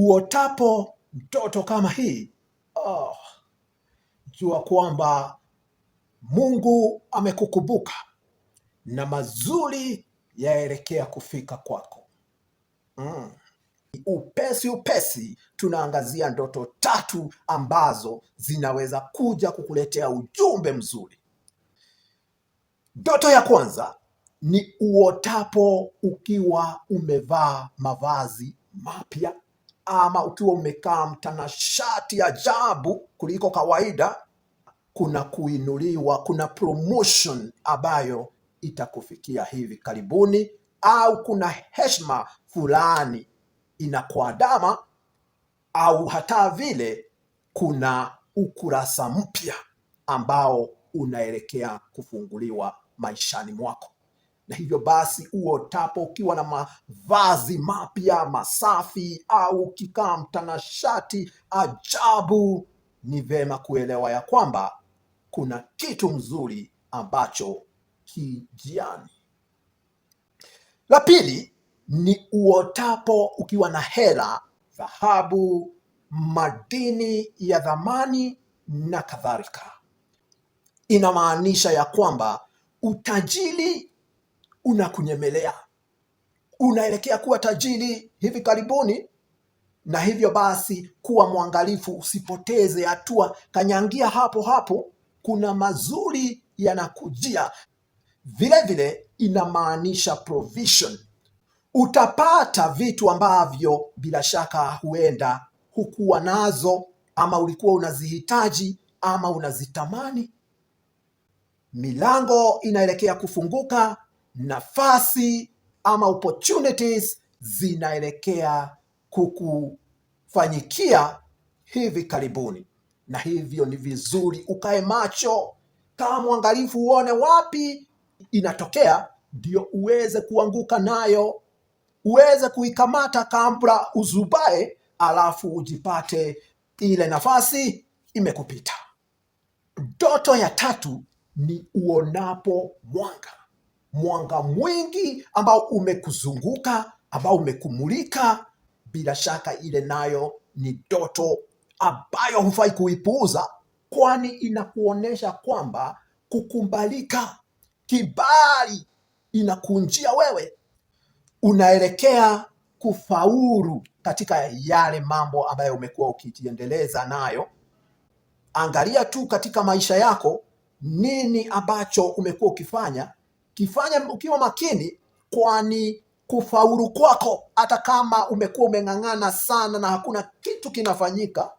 uotapo mtoto kama hii oh, jua kwamba Mungu amekukumbuka na mazuri yaelekea kufika kwako. Mm. Upesi upesi tunaangazia ndoto tatu ambazo zinaweza kuja kukuletea ujumbe mzuri. Ndoto ya kwanza ni uotapo ukiwa umevaa mavazi mapya ama ukiwa umekaa mtanashati ajabu kuliko kawaida, kuna kuinuliwa, kuna promotion ambayo itakufikia hivi karibuni, au kuna heshima fulani inakuadama, au hata vile kuna ukurasa mpya ambao unaelekea kufunguliwa maishani mwako. Na hivyo basi, uotapo ukiwa na mavazi mapya masafi, au kikaa mtanashati ajabu, ni vyema kuelewa ya kwamba kuna kitu mzuri ambacho kijiani. La pili ni uotapo ukiwa na hela, dhahabu, madini ya dhamani na kadhalika. Inamaanisha ya kwamba utajiri unakunyemelea, unaelekea kuwa tajiri hivi karibuni. Na hivyo basi, kuwa mwangalifu, usipoteze hatua, kanyangia hapo hapo, kuna mazuri yanakujia. Vilevile inamaanisha provision, utapata vitu ambavyo bila shaka huenda hukuwa nazo ama ulikuwa unazihitaji ama unazitamani. Milango inaelekea kufunguka nafasi ama opportunities zinaelekea kukufanyikia hivi karibuni, na hivyo ni vizuri ukae macho, kama mwangalifu, uone wapi inatokea, ndio uweze kuanguka nayo, uweze kuikamata kabla uzubae, alafu ujipate ile nafasi imekupita. Ndoto ya tatu ni uonapo mwanga mwanga mwingi ambao umekuzunguka, ambao umekumulika. Bila shaka ile nayo ni ndoto ambayo hufai kuipuuza, kwani inakuonyesha kwamba kukumbalika, kibali inakunjia wewe, unaelekea kufaulu katika yale mambo ambayo umekuwa ukijiendeleza nayo. Angalia tu katika maisha yako, nini ambacho umekuwa ukifanya kifanya ukiwa makini, kwani kufaulu kwako hata kama umekuwa umeng'ang'ana sana na hakuna kitu kinafanyika.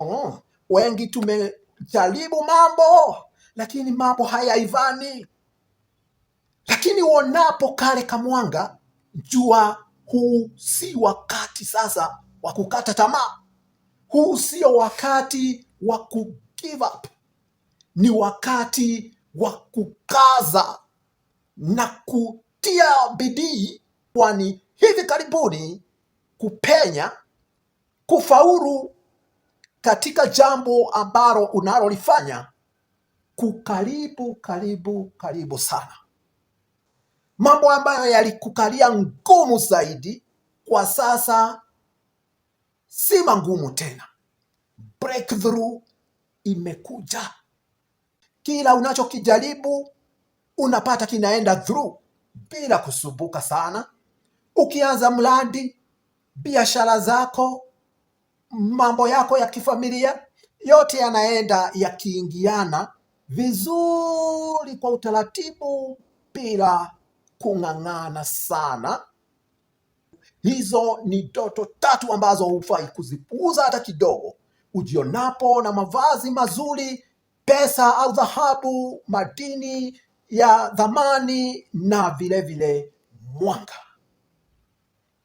Oh, wengi tumejaribu mambo lakini mambo hayaivani. Lakini uonapo kale kamwanga, jua huu si wakati sasa wa kukata tamaa. Huu sio wakati wa ku give up, ni wakati wa kukaza na kutia bidii, kwani hivi karibuni kupenya kufaulu katika jambo ambalo unalolifanya kukaribu karibu karibu sana. Mambo ambayo yalikukalia ngumu zaidi kwa sasa si magumu tena. Breakthrough imekuja. Kila unachokijaribu unapata kinaenda through bila kusumbuka sana. Ukianza mradi, biashara zako, mambo yako ya kifamilia, yote yanaenda yakiingiana vizuri kwa utaratibu bila kung'ang'ana sana. Hizo ni ndoto tatu ambazo hufai kuzipuuza hata kidogo. Ujionapo na mavazi mazuri, pesa au dhahabu, madini ya dhamani na vile vile mwanga.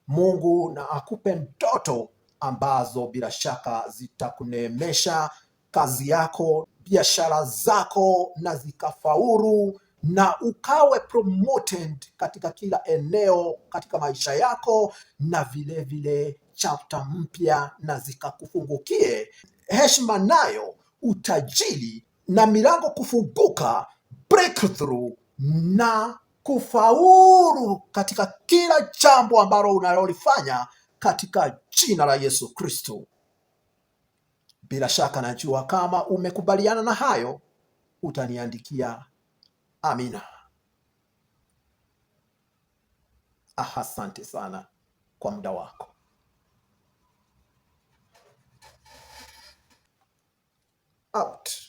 Mungu na akupe ndoto ambazo bila shaka zitakuneemesha kazi yako, biashara zako, na zikafaulu na ukawe promoted katika kila eneo katika maisha yako, na vile vile chapta mpya, na zikakufungukie heshima nayo utajiri na milango kufunguka breakthrough na kufaulu katika kila jambo ambalo unalolifanya katika jina la Yesu Kristo. Bila shaka najua kama umekubaliana na hayo utaniandikia amina. Asante sana kwa muda wako. Out.